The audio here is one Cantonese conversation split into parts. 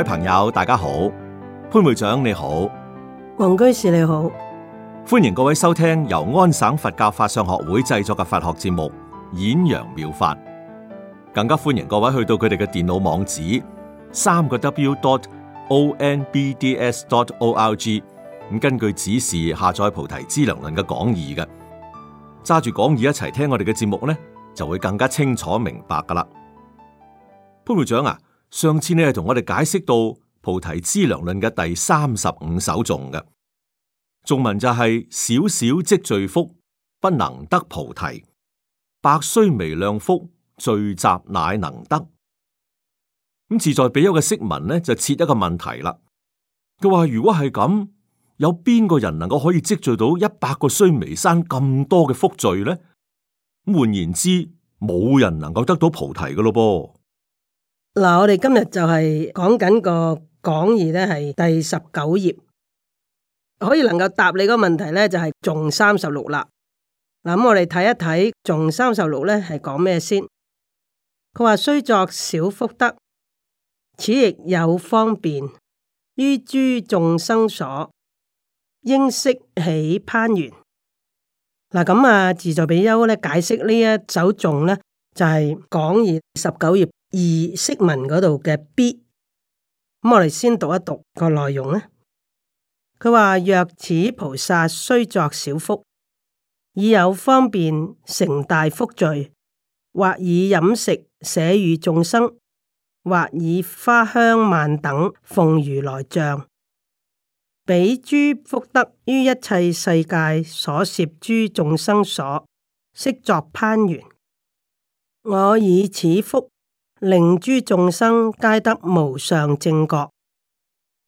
各位朋友，大家好，潘會長你好，王居士你好，歡迎各位收聽由安省佛教法相學會製作嘅佛學節目《演揚妙法》，更加歡迎各位去到佢哋嘅電腦網址三個 w.dot.o.n.b.d.s.dot.o.r.g，根據指示下載菩提資糧論嘅講義嘅，揸住講義一齊聽我哋嘅節目呢，就會更加清楚明白噶啦。潘會長啊！上次咧，同我哋解釋到《菩提資糧論》嘅第三十五首頌嘅，頌文就係少少積聚福，不能得菩提；百須彌量福，聚集乃能得。咁自在比丘嘅釋文呢，就設一個問題啦。佢話如果係咁，有邊個人能夠可以積聚到一百個須彌山咁多嘅福聚咧？咁換言之，冇人能夠得到菩提噶咯噃。嗱、啊，我哋今日就係講緊個講義咧，係第十九頁，可以能夠答你個問題咧，就係頌三十六啦。嗱、啊，咁、嗯、我哋睇一睇頌三十六咧係講咩先？佢話雖作小福德，此亦有方便於諸眾生所，應息起攀緣。嗱、啊，咁、嗯、啊，自在比丘咧解釋呢一首頌咧，就係、是、講義十九頁。二釋文嗰度嘅 B，咁我哋先讀一讀個內容呢。佢話，若此菩薩雖作小福，以有方便成大福聚，或以飲食捨與眾生，或以花香萬等奉如來像，彼諸福德於一切世界所攝諸眾生所，悉作攀緣。我以此福，令諸眾生皆得無上正覺，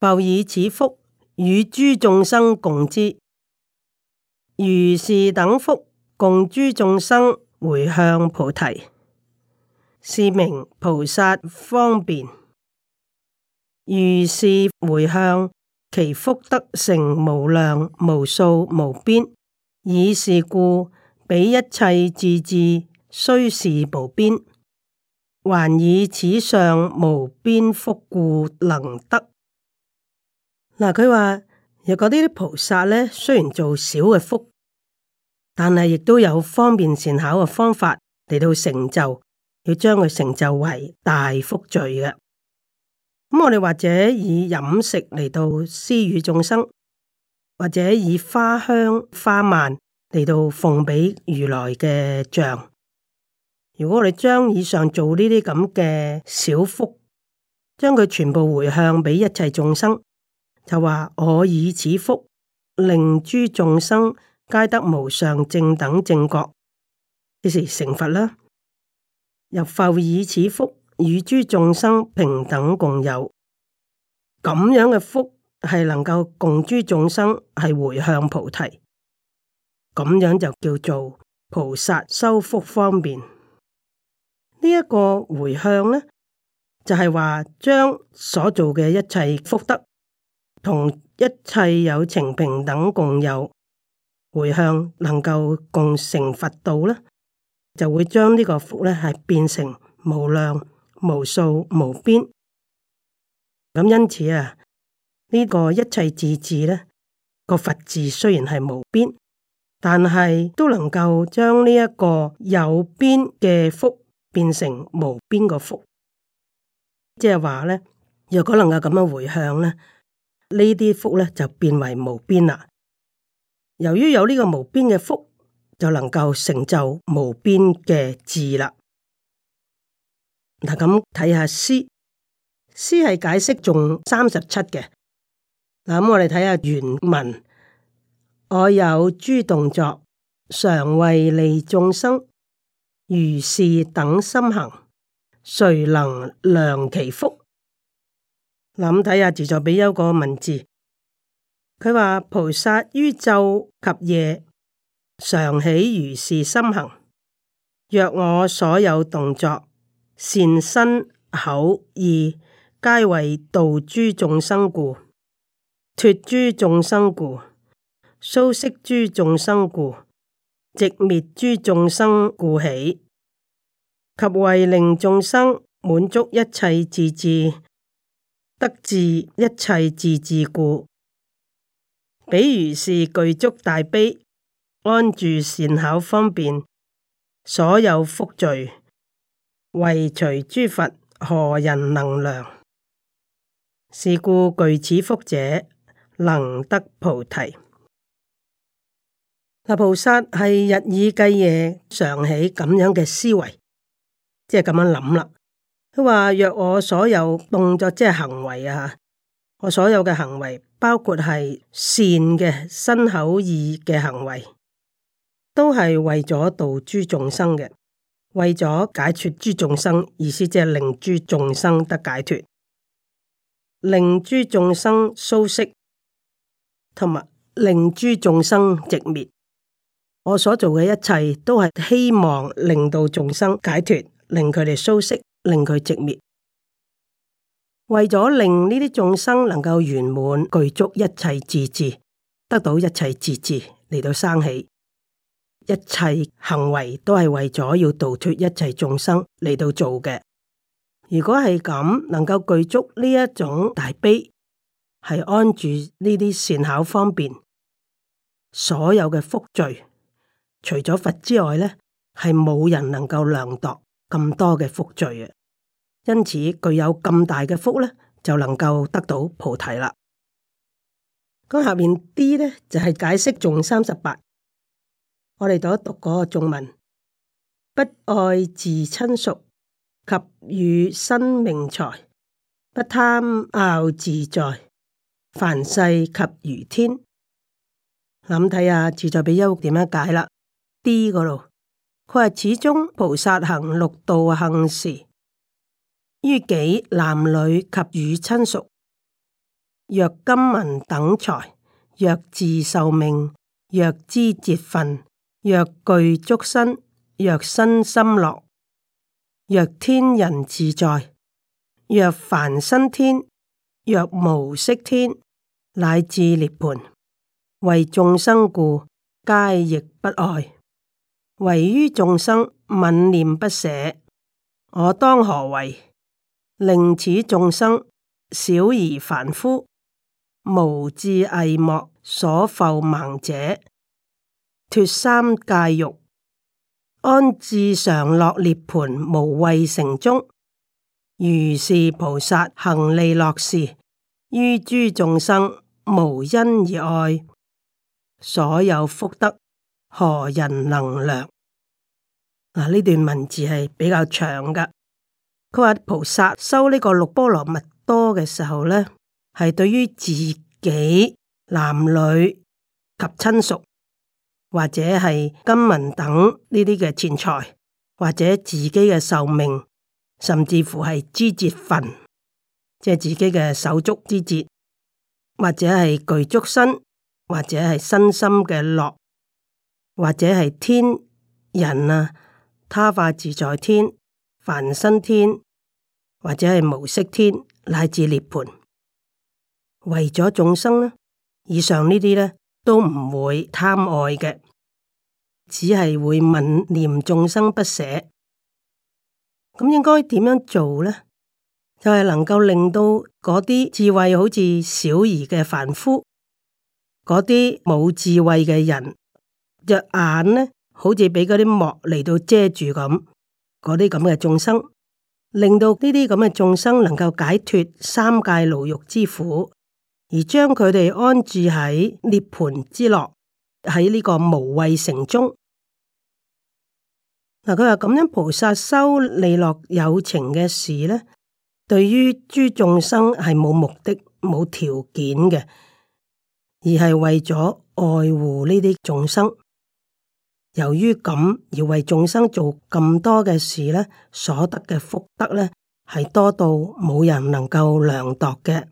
復以此福與諸眾生共之，如是等福共諸眾生迴向菩提，是名菩薩方便。如是迴向，其福德成無量無數無邊，以是故，彼一切智智雖是無邊。還以此上無邊福故，能得嗱。佢話若果呢啲菩薩咧，雖然做小嘅福，但係亦都有方便善巧嘅方法嚟到成就，要將佢成就為大福聚嘅。咁我哋或者以飲食嚟到施與眾生，或者以花香花蔓嚟到奉畀如來嘅像。如果我哋將以上做呢啲咁嘅小福，將佢全部回向畀一切眾生，就話我以此福令諸眾生皆得無上正等正覺，即是成佛啦。入佛以此福與諸眾生平等共有，咁樣嘅福係能夠共諸眾生係回向菩提，咁樣就叫做菩薩修福方便。呢一個回向呢，就係話將所做嘅一切福德，同一切有情平等共有回向，能夠共成佛道呢，就會將呢個福呢，係變成無量無數無邊。咁因此啊，呢、這個一切自治呢，個佛字雖然係無邊，但係都能夠將呢一個有邊嘅福。變成無邊個福，即係話咧，若果能夠咁樣回向咧，呢啲福咧就變為無邊啦。由於有呢個無邊嘅福，就能夠成就無邊嘅智啦。嗱，咁睇下詩，詩係解釋頌三十七嘅。嗱，咁我哋睇下原文，我有諸動作，常為利眾生。如是等心行，誰能量其福？嗱，睇下《住座比丘》個文字，佢話，菩薩於晝及夜常起如是心行，若我所有動作、善身口意，皆為度諸眾生故，脫諸眾生故，蘇息諸眾生故。直滅諸眾生故起，及為令眾生滿足一切自治，得治一切自治故。比如是具足大悲，安住善巧方便，所有福聚，唯除諸佛，何人能量？是故具此福者，能得菩提。阿菩薩係日以繼夜常起咁樣嘅思維，即係咁樣諗啦。佢話若我所有動作即係行為啊，我所有嘅行為包括係善嘅、身口意嘅行為，都係為咗度諸眾生嘅，為咗解脫諸眾生，意思即係令諸眾生得解脫，令諸眾生蘇息，同埋令諸眾生直滅。我所做嘅一切，都係希望令到眾生解脱，令佢哋蘇息，令佢寂滅。為咗令呢啲眾生能夠圓滿具足一切智智，得到一切智智，嚟到生起，一切行為都係為咗要度脱一切眾生嚟到做嘅。如果係咁，能夠具足呢一種大悲，係安住呢啲善巧方便，所有嘅福聚。除咗佛之外呢，係冇人能夠量度咁多嘅福罪啊！因此具有咁大嘅福呢，就能夠得到菩提啦。咁下面 D 呢，就係、是、解釋頌三十八，我哋讀一讀嗰個頌文：不愛自親屬及與身命財，不貪傲自在，凡世及如天。諗睇下自在比丘點樣解啦。D 個咯，佢係始終菩薩行六道行時，於己男女及與親屬，若金文等財，若自壽命，若知節份，若具足身，若身心樂，若天人自在，若凡身天，若無色天，乃至涅槃。為眾生故，皆亦不愛。為於眾生，憫念不捨，我當何為？令此眾生小而凡夫，無智翳膜所覆盲者，脱三界欲，安置常樂涅盤，無畏城中。如是菩薩行利樂事，於諸眾生無恩而愛，所有福德何人能量？嗱，呢、啊、段文字係比較長噶。佢話菩薩修呢個六波羅蜜多嘅時候咧，係對於自己、男女及親屬或者係金文等呢啲嘅錢財，或者自己嘅壽命，甚至乎係肢節份，即係自己嘅手足之節，或者係具足身，或者係身心嘅樂，或者係天人啊。他化自在天、梵身天或者係無色天乃至涅槃。為咗眾生呢？以上呢啲呢都唔會貪愛嘅，只係會憫念眾生不捨。咁應該點樣做呢？就係、是、能夠令到嗰啲智慧好似小兒嘅凡夫，嗰啲冇智慧嘅人，若眼呢？好似畀嗰啲幕嚟到遮住咁，嗰啲咁嘅眾生，令到呢啲咁嘅眾生能夠解脫三界牢獄之苦，而將佢哋安置喺涅槃之樂，喺呢個無畏城中。嗱，佢話咁樣菩薩修利樂有情嘅事呢，對於諸眾生係冇目的、冇條件嘅，而係為咗愛護呢啲眾生。由於咁而為眾生做咁多嘅事咧，所得嘅福德咧係多到冇人能夠量度嘅。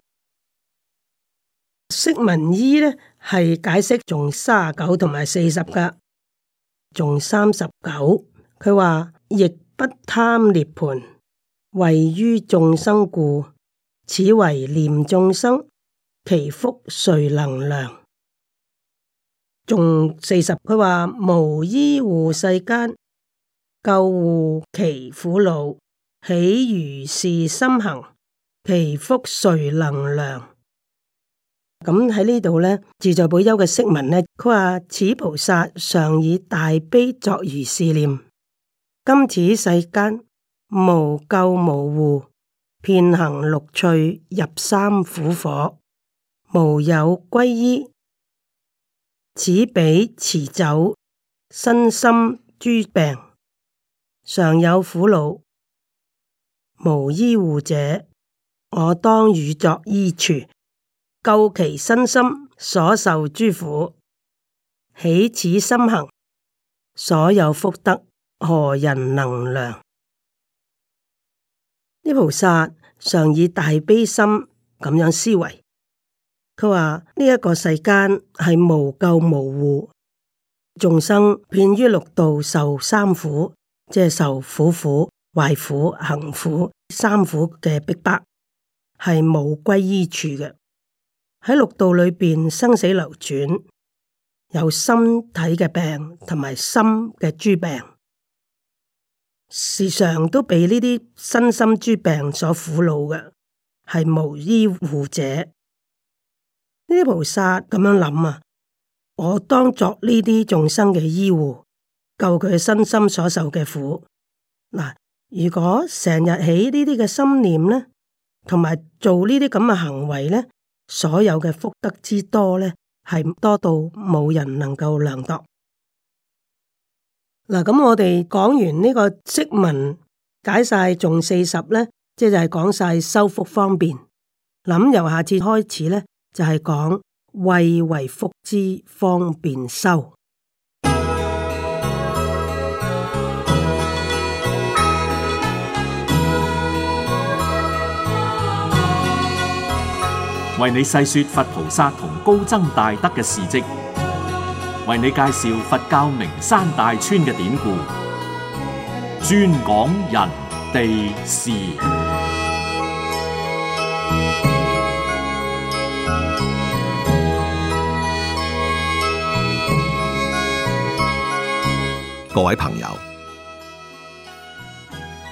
釋文依咧係解釋仲卅九同埋四十噶，仲三十九，佢話亦不貪涅槃，為於眾生故，此為念眾生，其福誰能量？仲四十，佢話無依護世間，救護其苦惱，喜如是心行，其福誰能量？咁喺呢度呢，自在保佑嘅釋文呢，佢話此菩薩常以大悲作如是念：今此世間無救無護，遍行六趣入三苦火，無有歸依。此彼持酒，身心諸病，常有苦惱，無依護者，我當與作依處，救其身心所受諸苦，起此心行，所有福德何人能量？呢菩薩常以大悲心咁樣思維。佢話呢一個世間係無救無護，眾生遍於六道受三苦，即係受苦苦、壞苦、行苦三苦嘅逼迫，係無歸依處嘅。喺六道裏邊生死流轉，有身體嘅病同埋心嘅諸病，時常都被呢啲身心諸病所苦惱嘅，係無依護者。呢啲菩薩咁樣諗啊， 我當作呢啲眾生嘅醫護，救佢身心所受嘅苦。嗱，如果成日起呢啲嘅心念咧，同埋做呢啲咁嘅行為咧，所有嘅福德之多咧，係多到冇人能夠量度。嗱，咁 我哋講完呢個釋文解晒，頌四十咧，即係講晒修福方便。嗱，由下次開始咧。就係講為為福之方便修，為你細說佛菩薩同高僧大德嘅事跡，為你介紹佛教名山大川嘅典故，專講人地事。各位朋友，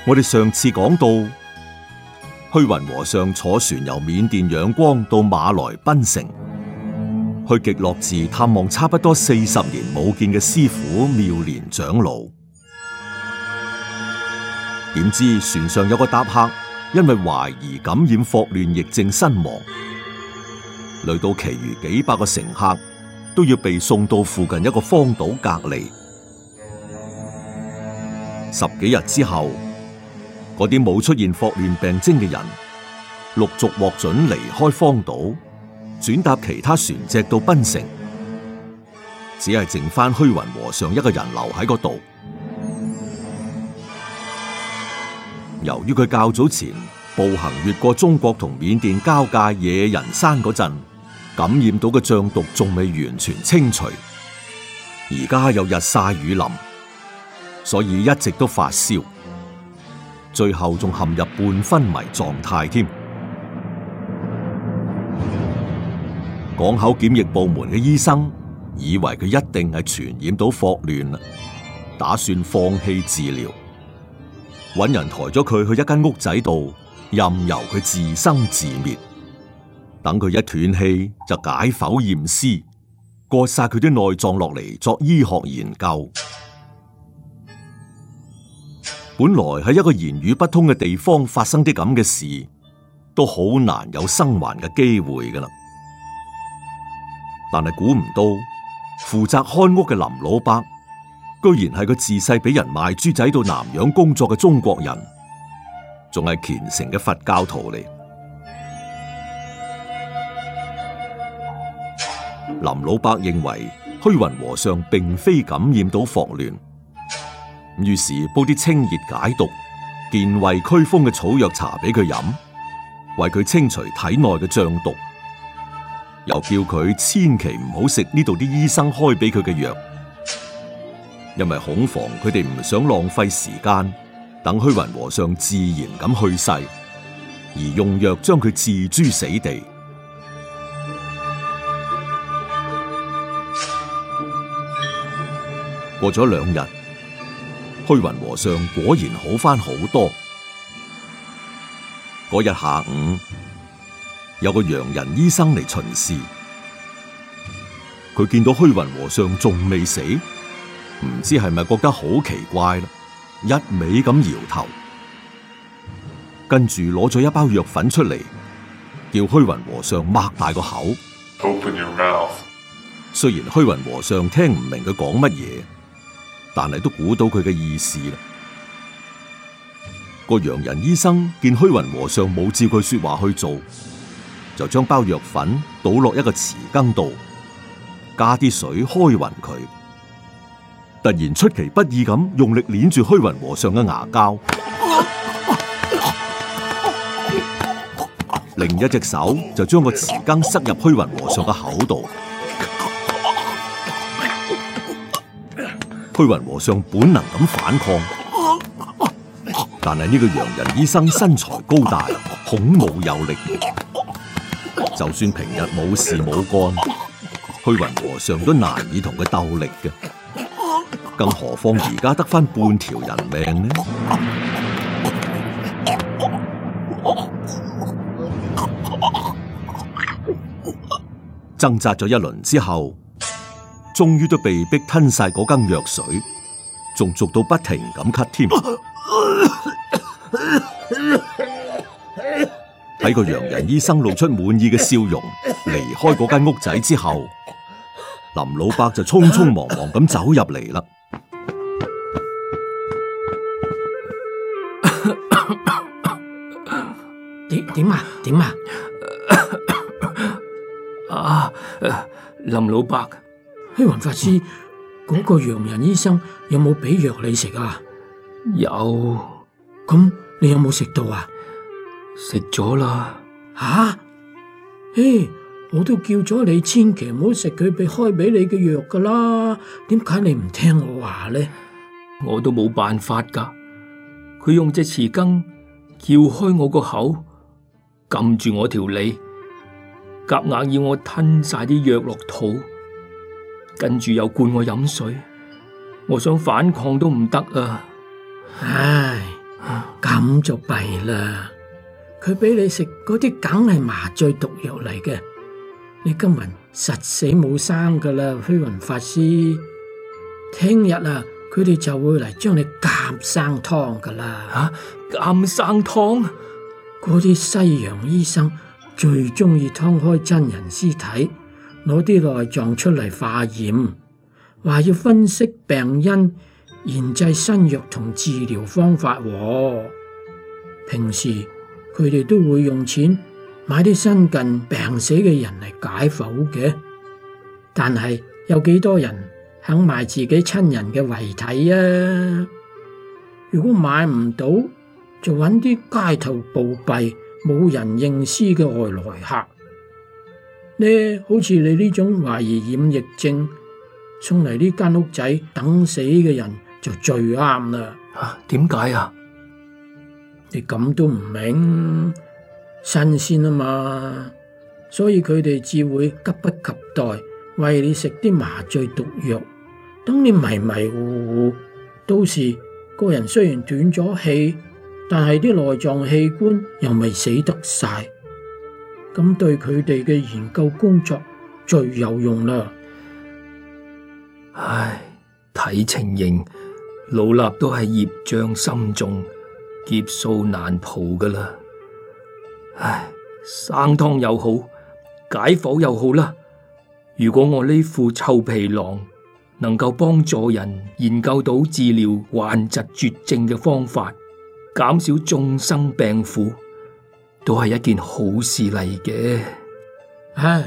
我哋上次講到虛雲和尚坐船由緬甸仰光到馬來檳城，去極樂寺探望差不多四十年冇見嘅師傅妙蓮長老。點知船上有個搭客，因為懷疑感染霍亂疫症身亡，累到其餘幾百個乘客都要被送到附近一個荒島隔離。十幾日之後，嗰啲冇出現霍亂病徵嘅人，陸續獲准離開荒島，轉搭其他船隻到檳城。只係剩返虛雲和尚一個人留喺嗰度。由於佢較早前步行越過中國同緬甸交界野人山嗰陣，感染到嘅瘴毒仲未完全清除，而家有日曬雨淋。所以一直都發燒，最後仲陷入半昏迷狀態添。港口檢疫部門嘅醫生以為佢一定係傳染到霍亂啦，打算放棄治療，搵人抬咗佢去一間屋仔度，任由佢自生自滅。等佢一斷氣就解剖驗屍，割晒佢啲內臟落嚟作醫學研究。本來喺一個言語不通嘅地方發生啲咁嘅事，都好難有生還嘅機會㗎喇。但係估唔到，負責看屋嘅林老伯，居然係個自細俾人賣豬仔到南洋工作嘅中國人，仲係虔誠嘅佛教徒嚟。林老伯認為虛雲和尚並非感染到霍亂。於是煲啲清熱解毒、健胃驅風嘅草藥茶俾佢飲，為佢清除體內嘅瘴毒。又叫佢千祈唔好食呢度啲醫生開俾佢嘅藥，因為恐防佢哋唔想浪費時間，等虛雲和尚自然咁去世，而用藥將佢置諸死地。過咗兩日。虛雲和尚果然好翻好多。嗰日下午有個洋人醫生嚟，巡視佢見到虛雲和尚仲未死，唔知係咪覺得好奇怪啦，一味咁搖頭，跟住攞咗一包藥粉出嚟，叫虛雲和尚擘大個口。Open your mouth. 雖然虛雲和尚聽唔明佢講乜嘢。但係都估到佢嘅意思啦。個洋人醫生見虛雲和尚冇照佢說話去做，就將包藥粉倒落一個匙羹度，加啲水開勻佢。突然出其不意咁用力捻住虛雲和尚嘅牙膠， 另一隻手就將個匙羹塞入虛雲和尚嘅口度。虛雲和尚本能咁反抗，但係呢個洋人醫生身材高大，孔武有力，就算平日冇事冇幹，虛雲和尚都難以同佢鬥力嘅。更何況而家得返半條人命呢？掙扎咗一輪之後。終於都被迫吞晒嗰羹藥水，仲續到不停咁咳添。喺個 洋人醫生露出滿意嘅笑容，離開嗰間屋仔之後，林老伯就匆匆忙忙咁走入嚟啦。點點啊點啊！啊、呃呃，林老伯。虛雲、hey, 法師，嗰、嗯、個洋人醫生有冇俾藥你食啊？有，咁你有冇食到啊？食咗啦。吓、啊，嘿、hey,，我都叫咗你千祈唔好食佢俾開俾你嘅藥噶啦，點解你唔聽我話呢？我都冇辦法噶，佢用隻匙羹撬開我個口，撳住我條脷，夾硬,硬要我吞晒啲藥落肚。跟住又灌我飲水，我想反抗都唔得啊！唉，咁就弊啦。佢俾你食嗰啲梗係麻醉毒藥嚟嘅，你今日實死冇生噶啦，虛雲法師。聽日啊，佢哋就會嚟將你監生劏噶啦。監、啊、生劏，嗰啲西洋醫生最中意劏開真人屍體。攞啲內臟出嚟化驗，話要分析病因，研製新藥同治療方法。平時佢哋都會用錢買啲新近病死嘅人嚟解剖嘅，但係有幾多人肯賣自己親人嘅遺體啊？如果買唔到，就揾啲街頭暴斃、冇人認屍嘅外來客。呢，好似你呢種懷疑染疫症，送嚟呢間屋仔等死嘅人就最啱啦。吓，點解啊？你咁都唔明新鮮啊嘛，所以佢哋只會急不及待餵你食啲麻醉毒藥，等你迷迷糊糊，到時個人雖然斷咗氣，但係啲內臟器官又未死得晒。咁對佢哋嘅研究工作最有用啦。唉，睇情形，老衲都係業障深重，劫數難逃噶啦。唉，生湯又好，解剖又好啦。如果我呢副臭皮囊能夠幫助人研究到治療患疾絕症嘅方法，減少眾生病苦。都係一件好事嚟嘅。唉、啊，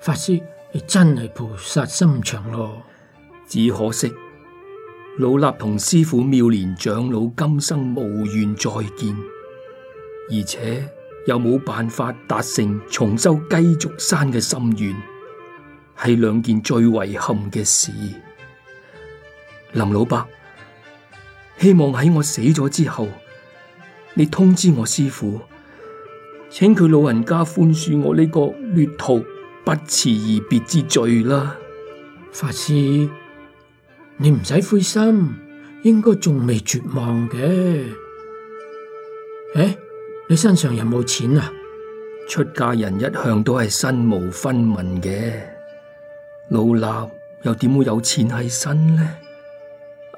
法師你真係菩薩心腸咯。只可惜老衲同師父妙蓮長老今生無緣再見，而且又冇辦法達成重修雞足山嘅心願，係兩件最遺憾嘅事。林老伯，希望喺我死咗之後，你通知我師父。請佢老人家寬恕我呢個劣徒不辭而別之罪啦！法師，你唔使灰心，應該仲未絕望嘅。誒，你身上有冇錢啊？出家人一向都係身無分文嘅，老衲又點會有錢喺身呢？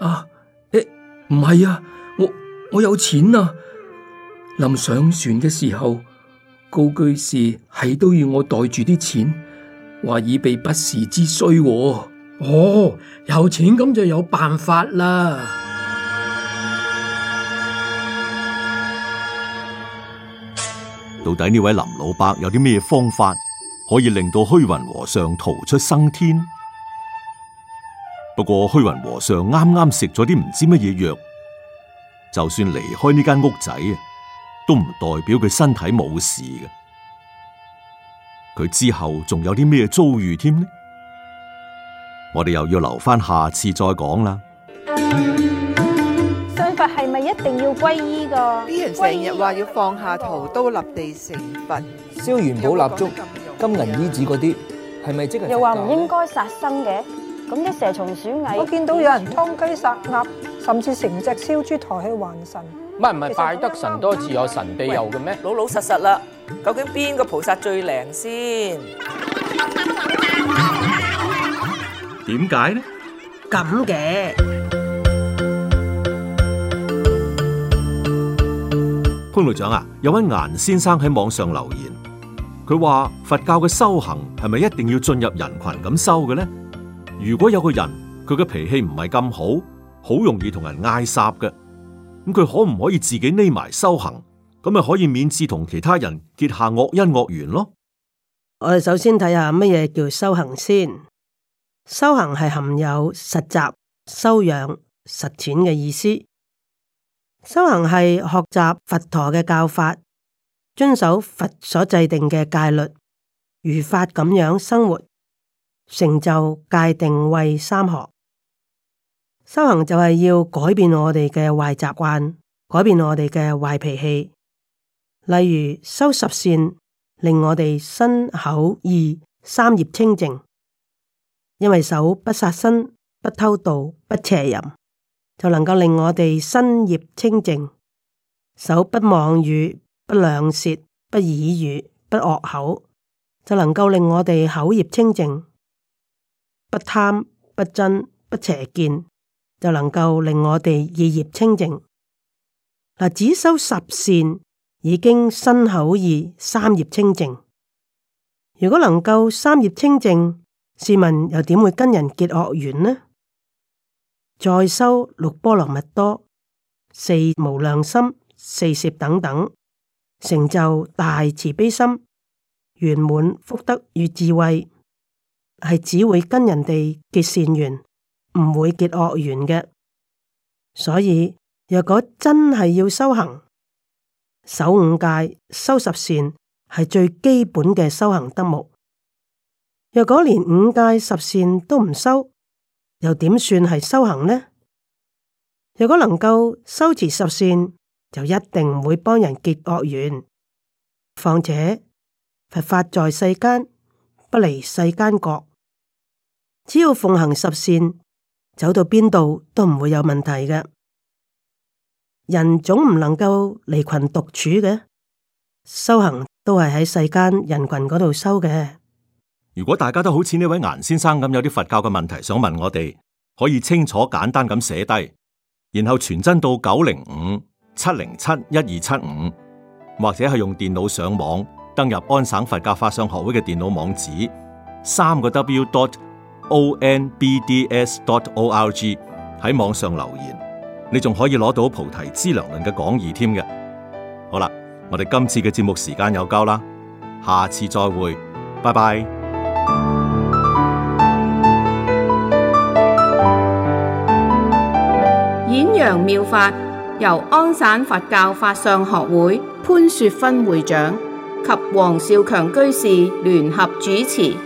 啊，誒，唔係啊，我我有錢啊！臨上船嘅時候。高居士係都要我袋住啲錢，話以備不時之需喎。哦，有錢咁就有辦法啦。到底呢位林老伯有啲咩方法可以令到虛雲和尚逃出生天？不過虛雲和尚啱啱食咗啲唔知乜嘢藥，就算離開呢間屋仔啊！都唔代表佢身體冇事嘅，佢之後仲有啲咩遭遇添呢？我哋又要留翻下，下次再講啦。信佛係咪一定要皈依噶？啲人成日話要放下屠刀立地成佛，燒元寶蠟燭、金銀衣紙嗰啲，係咪、嗯、即係？又話唔應該殺生嘅，咁啲蛇蟲鼠蟻，我見到有人殺雞殺鴨，甚至成隻燒豬抬去還神。乜唔係，拜得神多自有神庇佑嘅咩？老老實實啦，究竟邊個菩薩最靈先？點解呢？咁嘅潘隊長啊，有位顏先生喺網上留言，佢話佛教嘅修行係咪一定要進入人群咁修嘅呢？如果有個人佢嘅脾氣唔係咁好，好容易同人嗌霎嘅。咁佢可唔可以自己匿埋修行？咁咪可以免致同其他人結下惡因惡緣咯。我哋首先睇下乜嘢叫修行先。修行係含有實習、修養、實踐嘅意思。修行係學習佛陀嘅教法，遵守佛所制定嘅戒律，如法咁樣生活，成就戒定慧三學。修行就係要改變我哋嘅壞習慣，改變我哋嘅壞脾氣。例如修十善，令我哋身口意三業清淨。因為守不殺生、不偷盜、不邪淫，就能夠令我哋身業清淨；守不妄語、不兩舌、不綺語、不惡口，就能夠令我哋口業清淨；不貪、不瞋、不邪見。就能夠令我哋二業清淨。嗱，只修十善已經身口二三業清淨。如果能夠三業清淨，試問又點會跟人結惡緣呢？再修六波羅蜜多、四無量心、四攝等等，成就大慈悲心、圓滿福德與智慧，係只會跟人哋結善緣。唔會結惡緣嘅，所以若果真係要修行，守五戒、修十善係最基本嘅修行德目。若果連五戒十善都唔修，又點算係修行呢？若果能夠修持十善，就一定唔會幫人結惡緣。況且佛法在世間，不離世間覺，只要奉行十善。走到邊度都唔會有問題嘅，人總唔能夠離群獨處嘅，修行都係喺世間人群嗰度修嘅。如果大家都好似呢位顏先生咁，有啲佛教嘅問題想問我哋，可以清楚簡單咁寫低，然後傳真到九零五七零七一二七五，75，或者係用電腦上網登入安省佛教法相學會嘅電腦網址，三個 W dot。onbds.dot.org 喺網上留言，你仲可以攞到菩提資糧論嘅講義添嘅。好啦，我哋今次嘅節目時間有夠啦，下次再會，拜拜。演揚妙法由安省佛教法相學會潘雪芬會長及黃少強居士聯合主持。